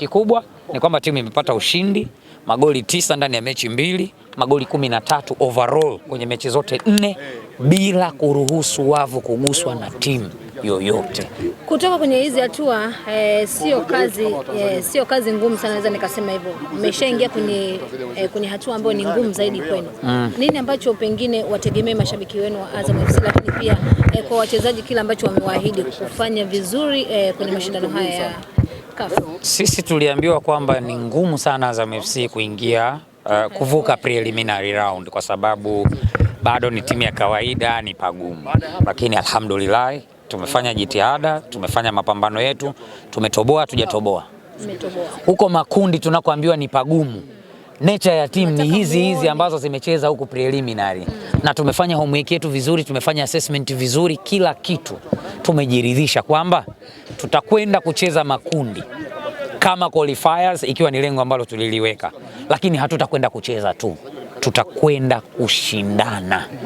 Kikubwa ni kwamba timu imepata ushindi magoli tisa ndani ya mechi mbili, magoli kumi na tatu overall kwenye mechi zote nne bila kuruhusu wavu kuguswa na timu yoyote kutoka kwenye hizi hatua Eh, sio kazi eh, sio kazi ngumu sana, naweza nikasema hivyo. Umeshaingia kwenye eh, kwenye hatua ambayo ni ngumu zaidi kwenu mm. Nini ambacho pengine wategemee mashabiki wenu wa Azam FC, lakini pia eh, kwa wachezaji kile ambacho wamewaahidi kufanya vizuri eh, kwenye mashindano haya ya sisi tuliambiwa kwamba ni ngumu sana Azam FC kuingia uh, kuvuka preliminary round kwa sababu bado ni timu ya kawaida, ni pagumu, lakini alhamdulillah tumefanya jitihada, tumefanya mapambano yetu, tumetoboa, tujatoboa huko makundi tunakoambiwa ni pagumu. Nature ya timu ni hizi hizi ambazo zimecheza huku preliminary, na tumefanya homework yetu vizuri, tumefanya assessment vizuri, kila kitu tumejiridhisha kwamba tutakwenda kucheza makundi kama qualifiers, ikiwa ni lengo ambalo tuliliweka, lakini hatutakwenda kucheza tu, tutakwenda kushindana.